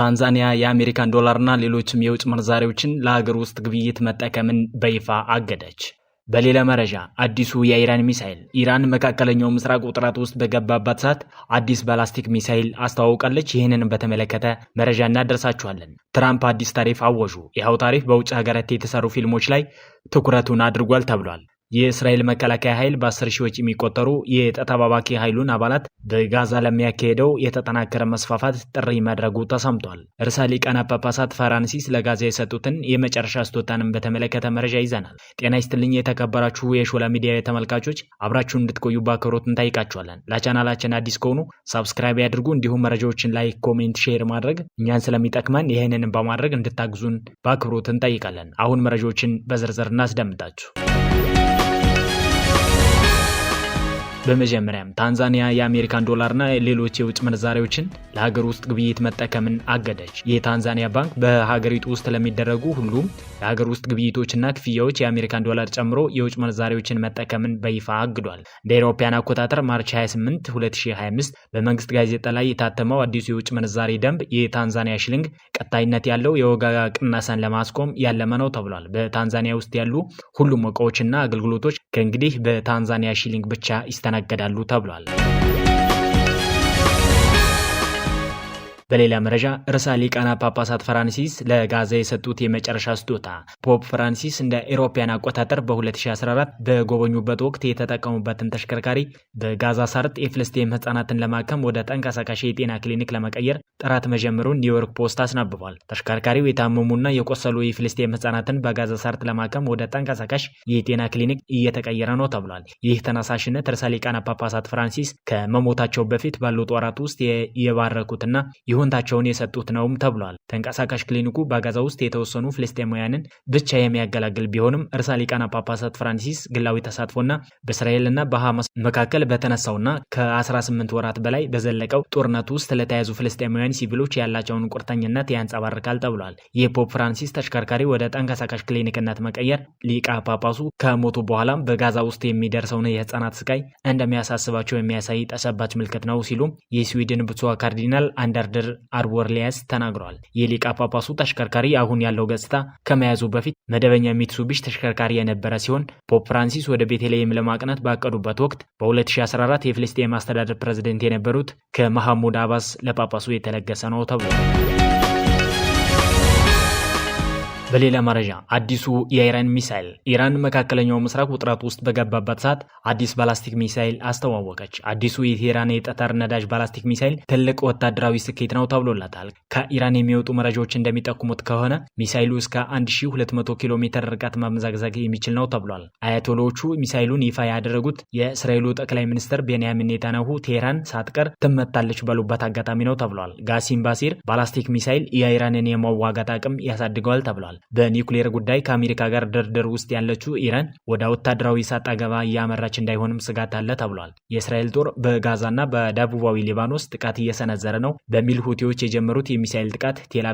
ታንዛኒያ የአሜሪካን ዶላርና ሌሎችም የውጭ ምንዛሬዎችን ለሀገር ውስጥ ግብይት መጠቀምን በይፋ አገደች። በሌላ መረጃ አዲሱ የኢራን ሚሳይል ኢራን መካከለኛው ምስራቅ ውጥረት ውስጥ በገባባት ሰዓት አዲስ ባላስቲክ ሚሳይል አስተዋውቃለች። ይህንን በተመለከተ መረጃ እናደርሳችኋለን። ትራምፕ አዲስ ታሪፍ አወጁ። ይኸው ታሪፍ በውጭ ሀገራት የተሰሩ ፊልሞች ላይ ትኩረቱን አድርጓል ተብሏል። የእስራኤል መከላከያ ኃይል በአስር ሺዎች የሚቆጠሩ የተጠባባቂ ኃይሉን አባላት በጋዛ ለሚያካሄደው የተጠናከረ መስፋፋት ጥሪ ማድረጉ ተሰምቷል። ርዕሰ ሊቃነ ጳጳሳት ፍራንሲስ ለጋዛ የሰጡትን የመጨረሻ ስጦታንም በተመለከተ መረጃ ይዘናል። ጤና ይስጥልኝ የተከበራችሁ የሾላ ሚዲያ ተመልካቾች አብራችሁን እንድትቆዩ በአክብሮት እንጠይቃችኋለን። ለቻናላችን አዲስ ከሆኑ ሳብስክራይብ ያድርጉ፣ እንዲሁም መረጃዎችን ላይ ኮሜንት፣ ሼር ማድረግ እኛን ስለሚጠቅመን ይህንንም በማድረግ እንድታግዙን በአክብሮት እንጠይቃለን። አሁን መረጃዎችን በዝርዝር እናስደምጣችሁ። በመጀመሪያም ታንዛኒያ የአሜሪካን ዶላርና ሌሎች የውጭ ምንዛሬዎችን ለሀገር ውስጥ ግብይት መጠቀምን አገደች። የታንዛኒያ ባንክ በሀገሪቱ ውስጥ ለሚደረጉ ሁሉም የሀገር ውስጥ ግብይቶችና ክፍያዎች የአሜሪካን ዶላር ጨምሮ የውጭ ምንዛሬዎችን መጠቀምን በይፋ አግዷል። እንደ አውሮፓውያን አቆጣጠር ማርች 28 2025 በመንግስት ጋዜጣ ላይ የታተመው አዲሱ የውጭ ምንዛሬ ደንብ የታንዛኒያ ሽልንግ ቀጣይነት ያለው የዋጋ ቅናሳን ለማስቆም ያለመ ነው ተብሏል። በታንዛኒያ ውስጥ ያሉ ሁሉም እቃዎችና አገልግሎቶች ከእንግዲህ በታንዛኒያ ሽሊንግ ብቻ ይስተናል ይስተናገዳሉ ተብሏል። በሌላ መረጃ ርዕሰ ሊቃና ጳጳሳት ፍራንሲስ ለጋዛ የሰጡት የመጨረሻ ስጦታ ፖፕ ፍራንሲስ እንደ ኤሮፓያን አቆጣጠር በ2014 በጎበኙበት ወቅት የተጠቀሙበትን ተሽከርካሪ በጋዛ ሳርጥ የፍልስጤም ህጻናትን ለማከም ወደ ተንቀሳቃሽ የጤና ክሊኒክ ለመቀየር ጥረት መጀመሩን ኒውዮርክ ፖስት አስነብቧል። ተሽከርካሪው የታመሙና የቆሰሉ የፍልስጤም ህጻናትን በጋዛ ሳርጥ ለማከም ወደ ተንቀሳቃሽ የጤና ክሊኒክ እየተቀየረ ነው ተብሏል። ይህ ተነሳሽነት ርዕሰ ሊቃና ጳጳሳት ፍራንሲስ ከመሞታቸው በፊት ባሉት ወራት ውስጥ የባረኩትና ይሁንታቸውን የሰጡት ነውም ተብሏል። ተንቀሳቃሽ ክሊኒኩ በጋዛ ውስጥ የተወሰኑ ፍልስጤማውያንን ብቻ የሚያገላግል ቢሆንም እርሳ ሊቃነ ጳጳሳት ፍራንሲስ ግላዊ ተሳትፎና በእስራኤልና በሐማስ መካከል በተነሳውና ከ18 ወራት በላይ በዘለቀው ጦርነት ውስጥ ለተያዙ ፍልስጤማውያን ሲቪሎች ያላቸውን ቁርጠኝነት ያንጸባርቃል ተብሏል። የፖፕ ፍራንሲስ ተሽከርካሪ ወደ ተንቀሳቃሽ ክሊኒክነት መቀየር ሊቃ ጳጳሱ ከሞቱ በኋላም በጋዛ ውስጥ የሚደርሰውን የህፃናት ስቃይ እንደሚያሳስባቸው የሚያሳይ ተሰባች ምልክት ነው ሲሉም የስዊድን ብፁዕ ካርዲናል አንደርድር አርቦርሊያስ ተናግረዋል። የሊቀ ጳጳሱ ተሽከርካሪ አሁን ያለው ገጽታ ከመያዙ በፊት መደበኛ ሚትሱቢሽ ተሽከርካሪ የነበረ ሲሆን ፖፕ ፍራንሲስ ወደ ቤተልሔም ለማቅናት ባቀዱበት ወቅት በ2014 የፍልስጤም አስተዳደር ፕሬዝደንት የነበሩት ከመሐሙድ አባስ ለጳጳሱ የተለገሰ ነው ተብሏል። በሌላ መረጃ አዲሱ የኢራን ሚሳይል ኢራን መካከለኛው ምስራቅ ውጥረት ውስጥ በገባበት ሰዓት አዲስ ባላስቲክ ሚሳይል አስተዋወቀች። አዲሱ የቴህራን የጠጠር ነዳጅ ባላስቲክ ሚሳይል ትልቅ ወታደራዊ ስኬት ነው ተብሎላታል። ከኢራን የሚወጡ መረጃዎች እንደሚጠቁሙት ከሆነ ሚሳይሉ እስከ 1200 ኪሎ ሜትር ርቀት መምዘግዘግ የሚችል ነው ተብሏል። አያቶሎቹ ሚሳይሉን ይፋ ያደረጉት የእስራኤሉ ጠቅላይ ሚኒስትር ቤንያሚን ኔታንያሁ ቴህራን ሳትቀር ትመታለች ባሉበት አጋጣሚ ነው ተብሏል። ጋሲም ባሲር ባላስቲክ ሚሳይል የኢራንን የመዋጋት አቅም ያሳድገዋል ተብሏል። በኒውክሌር ጉዳይ ከአሜሪካ ጋር ድርድር ውስጥ ያለችው ኢራን ወደ ወታደራዊ ሰጣ ገባ እያመራች እንዳይሆንም ስጋት አለ ተብሏል። የእስራኤል ጦር በጋዛና በደቡባዊ ሊባኖስ ጥቃት እየሰነዘረ ነው በሚል ሁቲዎች የጀመሩት የሚሳኤል ጥቃት ቴል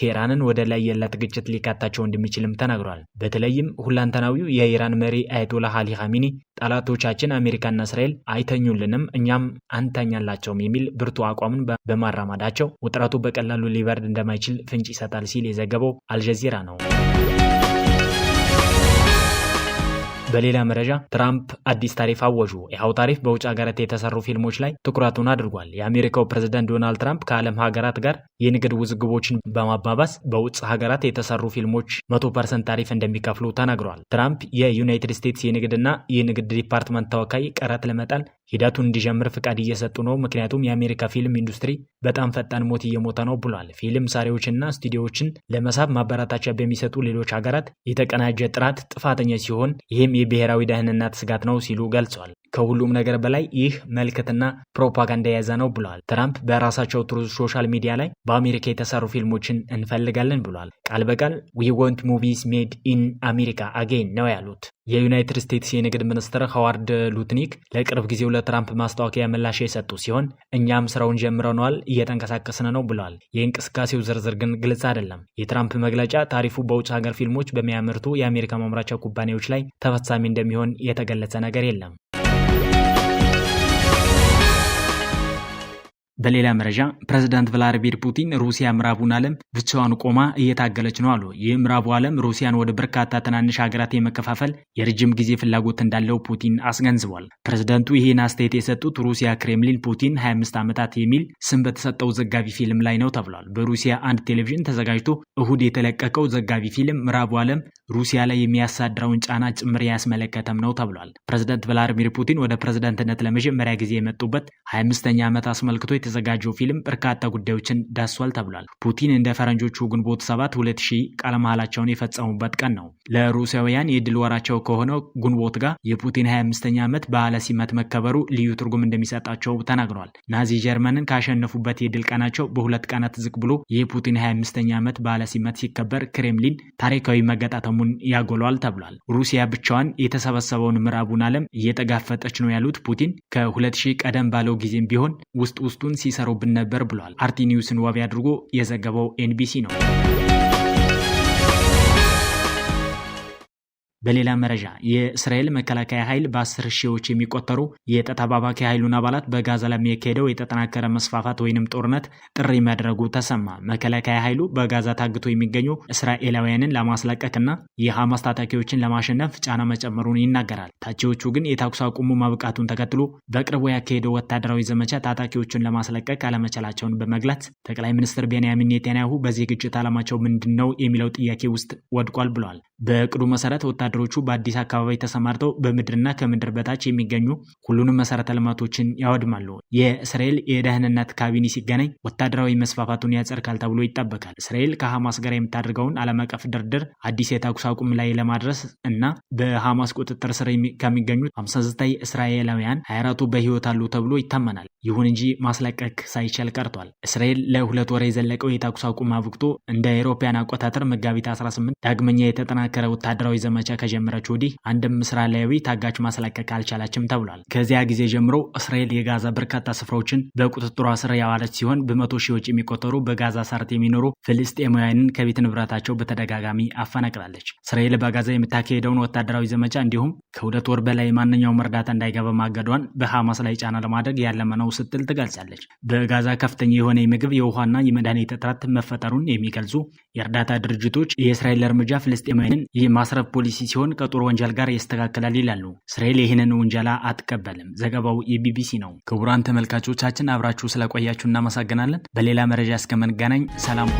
ቴህራንን ወደ ላይ የላት ግጭት ሊካታቸው እንደሚችልም ተናግሯል። በተለይም ሁለንተናዊው የኢራን መሪ አያቶላህ አሊ ኻሜኒ ጠላቶቻችን አሜሪካና እስራኤል አይተኙልንም፣ እኛም አንተኛላቸውም የሚል ብርቱ አቋሙን በማራማዳቸው ውጥረቱ በቀላሉ ሊበርድ እንደማይችል ፍንጭ ይሰጣል ሲል የዘገበው አልጀዚራ ነው። በሌላ መረጃ ትራምፕ አዲስ ታሪፍ አወጁ። ይኸው ታሪፍ በውጭ ሀገራት የተሰሩ ፊልሞች ላይ ትኩረቱን አድርጓል። የአሜሪካው ፕሬዝዳንት ዶናልድ ትራምፕ ከዓለም ሀገራት ጋር የንግድ ውዝግቦችን በማባባስ በውጭ ሀገራት የተሰሩ ፊልሞች መቶ ፐርሰንት ታሪፍ እንደሚከፍሉ ተናግረዋል። ትራምፕ የዩናይትድ ስቴትስ የንግድና የንግድ ዲፓርትመንት ተወካይ ቀረጥ ለመጣል ሂደቱን እንዲጀምር ፍቃድ እየሰጡ ነው፣ ምክንያቱም የአሜሪካ ፊልም ኢንዱስትሪ በጣም ፈጣን ሞት እየሞተ ነው ብሏል። ፊልም ሳሪዎችና ስቱዲዮዎችን ለመሳብ ማበረታቻ በሚሰጡ ሌሎች ሀገራት የተቀናጀ ጥራት ጥፋተኛ ሲሆን ይህም ብሔራዊ ደህንነት ስጋት ነው ሲሉ ገልጿል። ከሁሉም ነገር በላይ ይህ መልክትና ፕሮፓጋንዳ የያዘ ነው ብለዋል። ትራምፕ በራሳቸው ትሩዝ ሶሻል ሚዲያ ላይ በአሜሪካ የተሰሩ ፊልሞችን እንፈልጋለን ብለዋል። ቃል በቃል ዊ ወንት ሙቪስ ሜድ ኢን አሜሪካ አጌን ነው ያሉት። የዩናይትድ ስቴትስ የንግድ ሚኒስትር ሃዋርድ ሉትኒክ ለቅርብ ጊዜው ለትራምፕ ማስታወቂያ ምላሽ የሰጡ ሲሆን እኛም ስራውን ጀምረነዋል፣ እየተንቀሳቀስን ነው ብለዋል። የእንቅስቃሴው ዝርዝር ግን ግልጽ አይደለም። የትራምፕ መግለጫ ታሪፉ በውጭ ሀገር ፊልሞች በሚያመርቱ የአሜሪካ ማምራቻ ኩባንያዎች ላይ ተፈጻሚ እንደሚሆን የተገለጸ ነገር የለም። በሌላ መረጃ ፕሬዝዳንት ቭላዲሚር ፑቲን ሩሲያ ምዕራቡን ዓለም ብቻዋን ቆማ እየታገለች ነው አሉ። የምዕራቡ ዓለም ሩሲያን ወደ በርካታ ትናንሽ ሀገራት የመከፋፈል የረጅም ጊዜ ፍላጎት እንዳለው ፑቲን አስገንዝቧል። ፕሬዝዳንቱ ይህን አስተያየት የሰጡት ሩሲያ ክሬምሊን ፑቲን 25 ዓመታት የሚል ስም በተሰጠው ዘጋቢ ፊልም ላይ ነው ተብሏል። በሩሲያ አንድ ቴሌቪዥን ተዘጋጅቶ እሁድ የተለቀቀው ዘጋቢ ፊልም ምዕራቡ ዓለም ሩሲያ ላይ የሚያሳድረውን ጫና ጭምር ያስመለከተም ነው ተብሏል። ፕሬዝደንት ቭላዲሚር ፑቲን ወደ ፕሬዝደንትነት ለመጀመሪያ ጊዜ የመጡበት 25ኛ ዓመት አስመልክቶ የተዘጋጀው ፊልም በርካታ ጉዳዮችን ዳሷል ተብሏል። ፑቲን እንደ ፈረንጆቹ ግንቦት 7 2000 ቃለ መሃላቸውን የፈጸሙበት ቀን ነው። ለሩሲያውያን የድል ወራቸው ከሆነው ግንቦት ጋር የፑቲን 25ኛ ዓመት በዓለ ሲመት መከበሩ ልዩ ትርጉም እንደሚሰጣቸው ተናግሯል። ናዚ ጀርመንን ካሸነፉበት የድል ቀናቸው በሁለት ቀናት ዝቅ ብሎ የፑቲን 25ኛ ዓመት በዓለ ሲመት ሲከበር ክሬምሊን ታሪካዊ መገጣጠሙ ሰላሙን ያጎለዋል ተብሏል። ሩሲያ ብቻዋን የተሰበሰበውን ምዕራቡን ዓለም እየተጋፈጠች ነው ያሉት ፑቲን ከሁለት ሺህ ቀደም ባለው ጊዜም ቢሆን ውስጥ ውስጡን ሲሰሩብን ነበር ብሏል። አርቲኒውስን ዋቢ አድርጎ የዘገበው ኤንቢሲ ነው። በሌላ መረጃ የእስራኤል መከላከያ ኃይል በአስር ሺዎች የሚቆጠሩ የተጠባባቂ ኃይሉን አባላት በጋዛ ለሚካሄደው የተጠናከረ መስፋፋት ወይንም ጦርነት ጥሪ መድረጉ ተሰማ። መከላከያ ኃይሉ በጋዛ ታግቶ የሚገኙ እስራኤላውያንን ለማስለቀቅና የሐማስ ታጣቂዎችን ለማሸነፍ ጫና መጨመሩን ይናገራል። ታቺዎቹ ግን የተኩስ አቁሙ ማብቃቱን ተከትሎ በቅርቡ ያካሄደው ወታደራዊ ዘመቻ ታጣቂዎቹን ለማስለቀቅ አለመቻላቸውን በመግለጽ ጠቅላይ ሚኒስትር ቤንያሚን ኔታንያሁ በዚህ ግጭት ዓላማቸው ምንድን ነው የሚለው ጥያቄ ውስጥ ወድቋል ብሏል። በእቅዱ መሰረት ወታደ ወታደሮቹ በአዲስ አካባቢ ተሰማርተው በምድርና ከምድር በታች የሚገኙ ሁሉንም መሰረተ ልማቶችን ያወድማሉ። የእስራኤል የደህንነት ካቢኔ ሲገናኝ ወታደራዊ መስፋፋቱን ያጸድቃል ተብሎ ይጠበቃል። እስራኤል ከሐማስ ጋር የምታደርገውን ዓለም አቀፍ ድርድር አዲስ የተኩስ አቁም ላይ ለማድረስ እና በሐማስ ቁጥጥር ስር ከሚገኙት 59 እስራኤላውያን 24ቱ በህይወት አሉ ተብሎ ይታመናል። ይሁን እንጂ ማስለቀቅ ሳይቻል ቀርቷል። እስራኤል ለሁለት ወር የዘለቀው የተኩስ አቁም አብቅቶ እንደ አውሮፓውያን አቆጣጠር መጋቢት 18 ዳግመኛ የተጠናከረ ወታደራዊ ዘመቻ ከጀመረች ወዲህ አንድም እስራኤላዊ ታጋች ማስለቀቅ አልቻለችም ተብሏል። ከዚያ ጊዜ ጀምሮ እስራኤል የጋዛ በርካታ ስፍራዎችን በቁጥጥሯ ስር ያዋለች ሲሆን በመቶ ሺዎች የሚቆጠሩ በጋዛ ሰርጥ የሚኖሩ ፍልስጤማውያንን ከቤት ንብረታቸው በተደጋጋሚ አፈናቅላለች። እስራኤል በጋዛ የምታካሄደውን ወታደራዊ ዘመቻ እንዲሁም ከሁለት ወር በላይ ማንኛውም እርዳታ እንዳይገባ ማገዷን በሐማስ ላይ ጫና ለማድረግ ያለመ ነው ስትል ትገልጻለች። በጋዛ ከፍተኛ የሆነ የምግብ የውሃና የመድኃኒት እጥረት መፈጠሩን የሚገልጹ የእርዳታ ድርጅቶች የእስራኤል እርምጃ ፍልስጤማውያንን የማስረብ ፖሊሲ ሲሆን ከጦር ወንጀል ጋር ይስተካከላል ይላሉ። እስራኤል ይህንን ውንጀላ አትቀበልም። ዘገባው የቢቢሲ ነው። ክቡራን ተመልካቾቻችን አብራችሁ ስለቆያችሁ እናመሰግናለን። በሌላ መረጃ እስከምንገናኝ ሰላም።